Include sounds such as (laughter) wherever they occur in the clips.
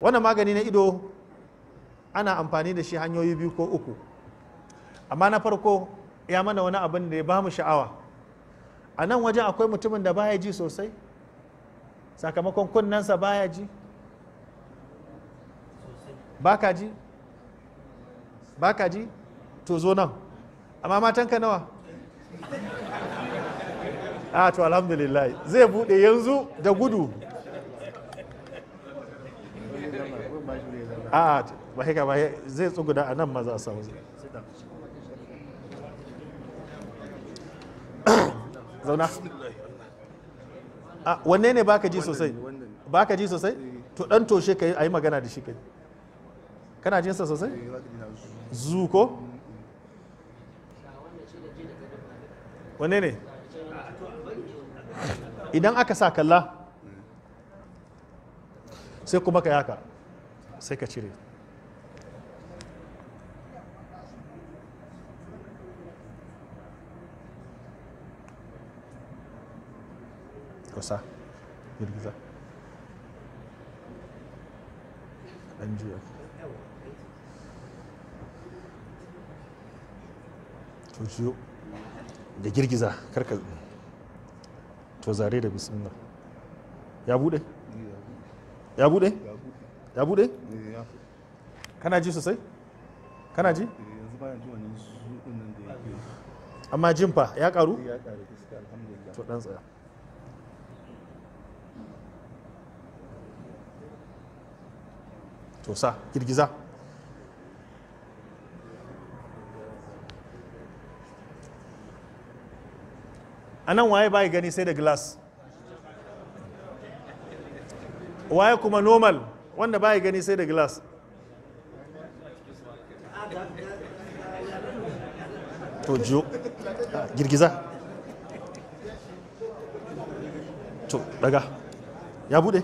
wannan magani na ido ana amfani da shi hanyoyi biyu ko uku amma na farko ya mana wani abin da ya ba mu sha'awa a nan wajen akwai mutumin da baya ji sosai sakamakon kunnensa baya ji baka ji baka ji to zo nan amma matanka nawa a (laughs) ah, to alhamdulillah zai bude yanzu da gudu a ba haka ba zai tsuguna a nan maza samu zauna wanne ne baka ji sosai baka ji sosai to dan toshe ka yi magana da shi kai kana jinsa sosai zu ko wanne ne idan aka sa kalla sai kuma ka yaka sai ka cire kusa girgiza ɗan juya to juyo da girgiza karka to zare da bismillah ya bude ya bude ya bude eh, kana ji sosai kana ji eh, amma jin fa ya karu eh, ya karu alhamdulillah to dan tsaya to sa girgiza a nan waye bai gani sai da glass waye kuma normal wanda ba ya gani sai da glass to jo girgiza to daga ya bude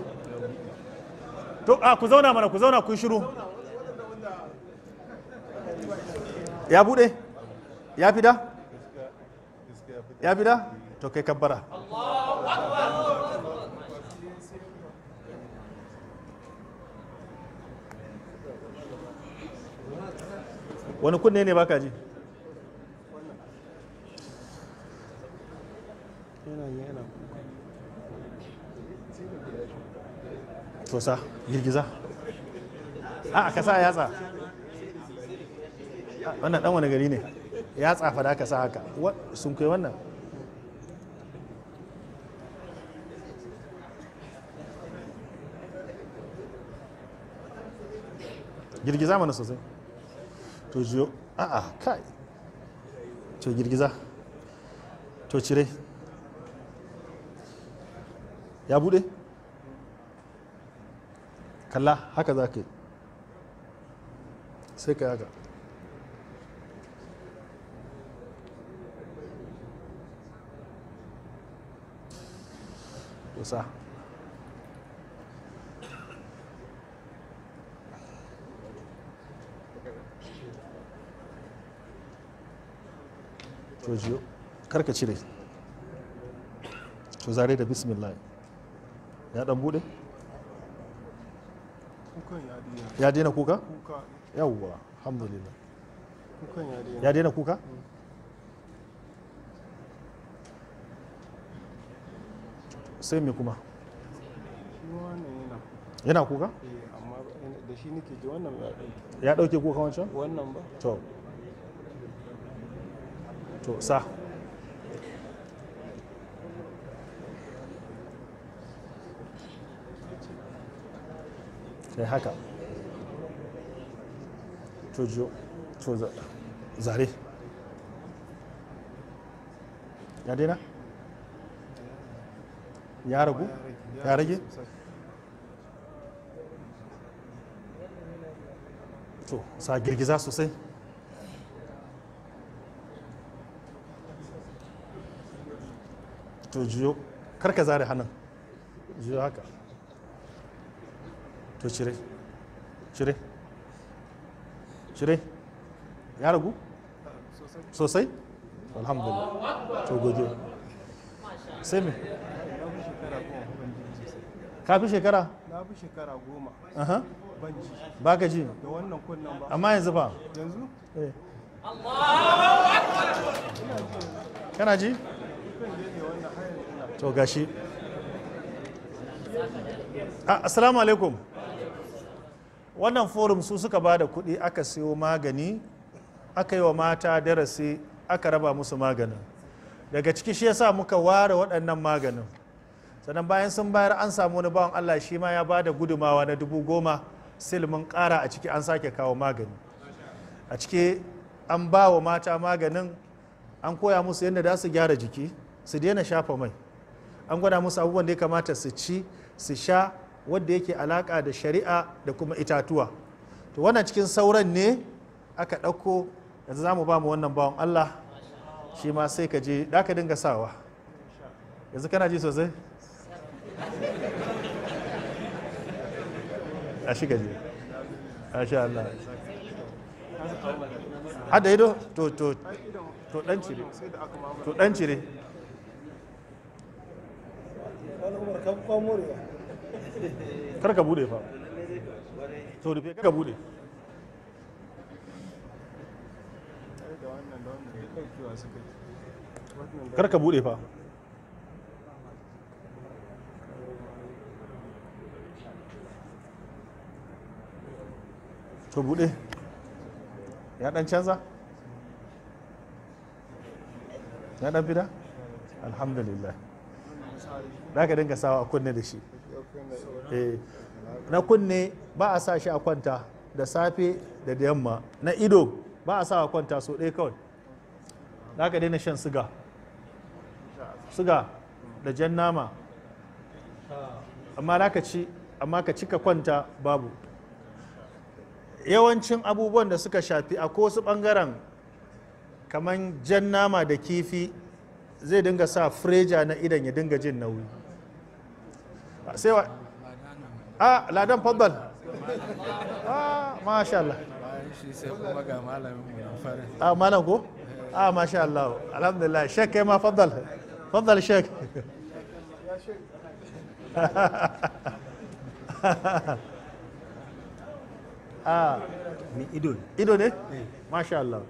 to a ku zauna mana ku zauna ku shiru ya bude ya fida ya fida to kai kabbara wani kunne ne baka ji tosa girgiza a ka sa yatsa wannan dan wani gari ne ya tsafa da aka sa haka sun kai wannan girgiza mana sosai to a a'a kai to girgiza to cire ya bude kalla haka za ka yi sai ka haka to sa jojiyo karka cire to zare da bismillah ya dan bude ya daina kuka yawwa alhamdulillah ya daina kuka mm. sai me kuma yana kuka eh, amma da shi ji wannan ya dauke kuka wancan wannan ba to to sa sai haka to to zare ya daina ya ragu ya rage to sa girgiza sosai to juyo karka zare hannun juyo haka to cire cire cire ya ragu sosai alhamdulillah to goge sai me ka fi shekara na fi shekara goma ban ji ba ka ji da wannan kunnan ba amma yanzu ba yanzu eh kana ji to gashi ah, assalamu alaikum wannan forum su suka ba da kuɗi aka siyo magani aka yi wa mata darasi aka raba musu maganin daga ciki shi yasa muka ware waɗannan maganin sannan bayan sun bayar an samu wani bawan allah shi ma ya ba da gudumawa na dubu goma silmin kara a ciki an sake kawo magani a ciki an ba wa mata maganin an koya musu yadda za su gyara jiki su daina shafa mai an gwada musu abubuwan da ya kamata su ci su sha wadda yake alaka da shari'a da kuma itatuwa to wannan cikin sauran ne aka ɗauko yanzu za mu ba mu wannan bawan Allah shi ma sai ka je da ka dinga sawa yanzu kana ji sosai a (laughs) shi ka je shi Allah hada ido to to to dan cire to dan cire kan kar ka bude fa to rufe ka bude kar ka bude fa to bude ya dan canza ya dan fida alhamdulillah za ka dinga sawa a kunne da shi eh, na kunne ba a sa shi a kwanta da safe da da yamma na ido ba a sa a kwanta so ɗaya kawai za ka daina shan siga siga da jan nama amma ka ci amma ka cika kwanta babu yawancin abubuwan da suka shafi a wasu ɓangaren kamar jan nama da kifi zai dinga sa freja na idan ya dinga jin nauyi sai wa a ladan fadal a masha Allah a malam ko a masha Allah alhamdulillah shek kai ma fadal fadal shek a ni ido ido ne masha Allah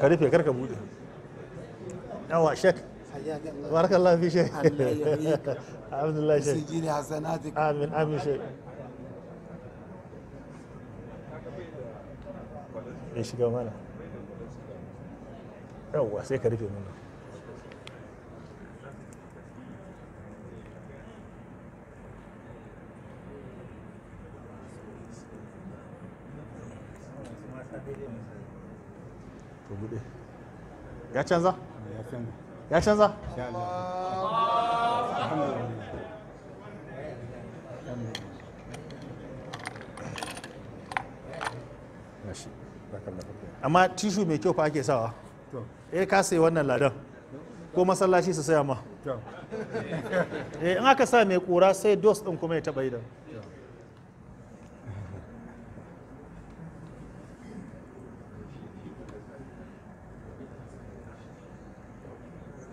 ka rufe karka bude الله shek بارك الله في شيء الله يحييك عبد الله شيء يجيني حسناتك امين امين شيء ايش قال انا هو سيك رفي منه Thank you. to canza ya canza amma tishu mai kyau fa ake sawa eh ka sai wannan ladan ko masallaci su saya ma eh in aka sa mai kura sai dos din kuma ya taba idan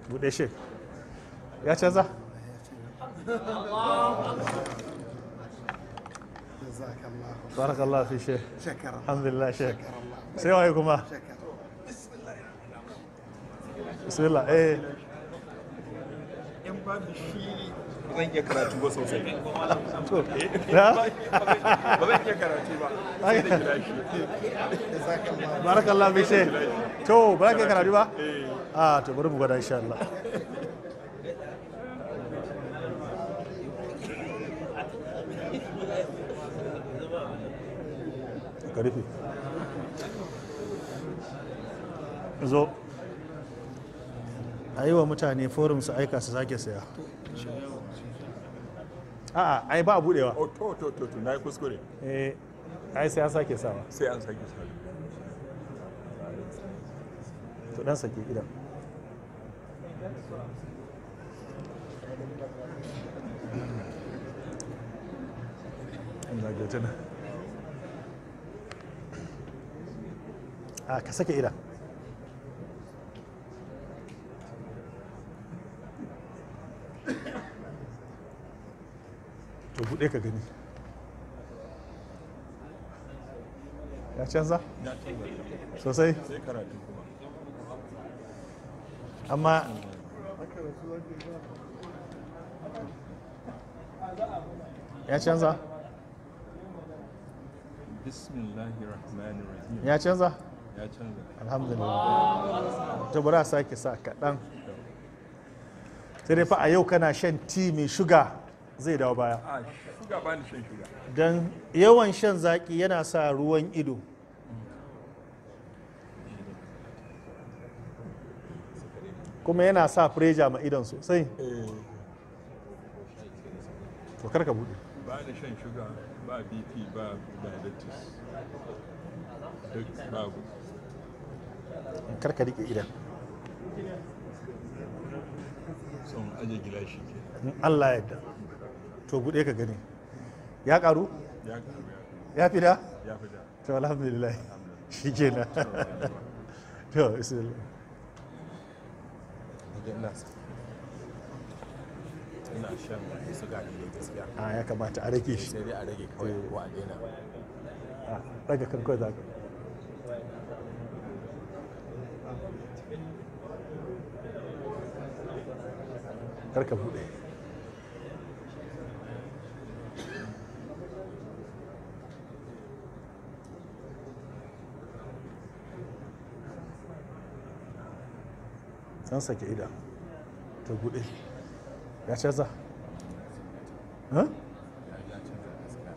bude shi ya canza barakallah fi shi alhamdulillah shi sai waye kuma bismillah eh in ba shi zan iya karatu ba sosai to da ba zan iya karatu ba sai da shi barakallah fi shi to ba zan karatu ba eh a ah, ta bari mu gada insha Allah karfi zo a yi wa mutane forum su aika su sake saya a'a ai ba budewa oh, to to to na yi kuskure eh ai sai an sake sawa sai an sake sawa to dan sake idan a ka sake idan to buɗe ka gani ya canza sosai sai karatu kuma amma ya canza ya canza alhamdulillah ta bura sake sa kaɗan sai dai fa a yau kana shan ti mai shuga zai dawo baya don yawan shan zaki yana sa ruwan ido kuma yana sa preja ma idon sosai eh. to karka bude ba da shan shuga ba bp ba diabetes duk babu karka rike idan son aje gilashi ke in allah da to bude ka gani ya karu ya karu fi da ya fi da to alhamdulillah (laughs) shi kenan to bismillah ina ina shan gaskiya a ah, ya kamata a rage shi sai a rage kawai eh. ah, karka bude can sake ida ta gude ya canza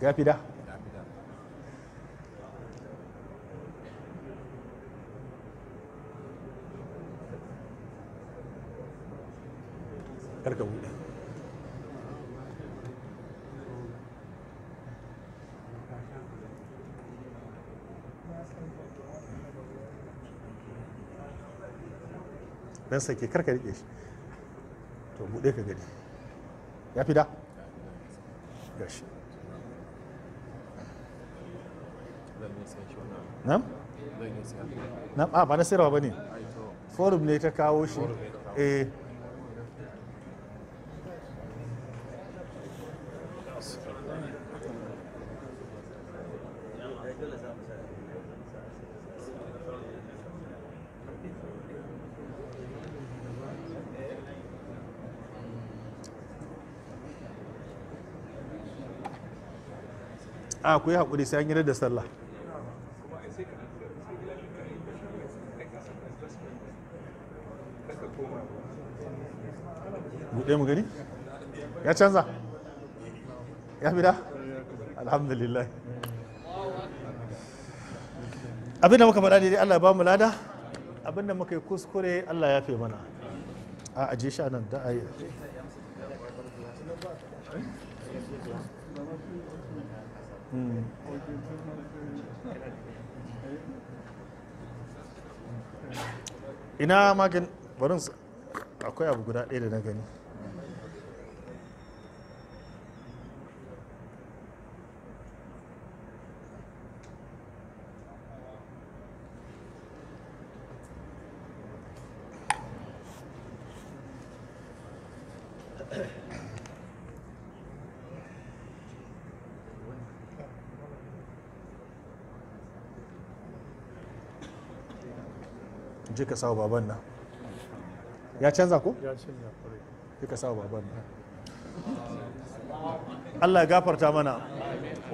ya fi da karkabu dan sake kar ka rike shi to buɗe ka gani ya fi da gashi Nan na ba na sayarwa ba ne forum ne ta kawo shi eh a ah, ku yi haƙuri sai an yi da sallah buɗe mu gani ya canza ya fi da alhamdulillah abinda muka faɗa daidai allah ba mu lada abinda muka yi kuskure allah ya fi mana a aje sha nan da a yi ina magin barin akwai abu guda ɗaya da na gani je ka sawa baban nan ya canza ko ya canza je ka sawa baban nan Allah ya gafarta mana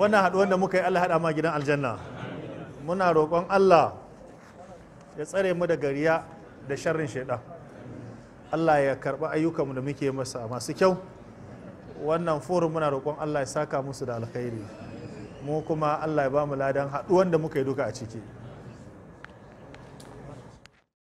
wannan haɗu da muka yi Allah haɗa ma gidan aljanna muna roƙon Allah ya tsare mu daga riya da sharrin shaidan Allah ya karɓi ayyukanmu da muke masa masu kyau wannan forum muna roƙon Allah ya saka musu da alkhairi mu kuma Allah ya ba mu ladan haɗuwan da muka yi duka a ciki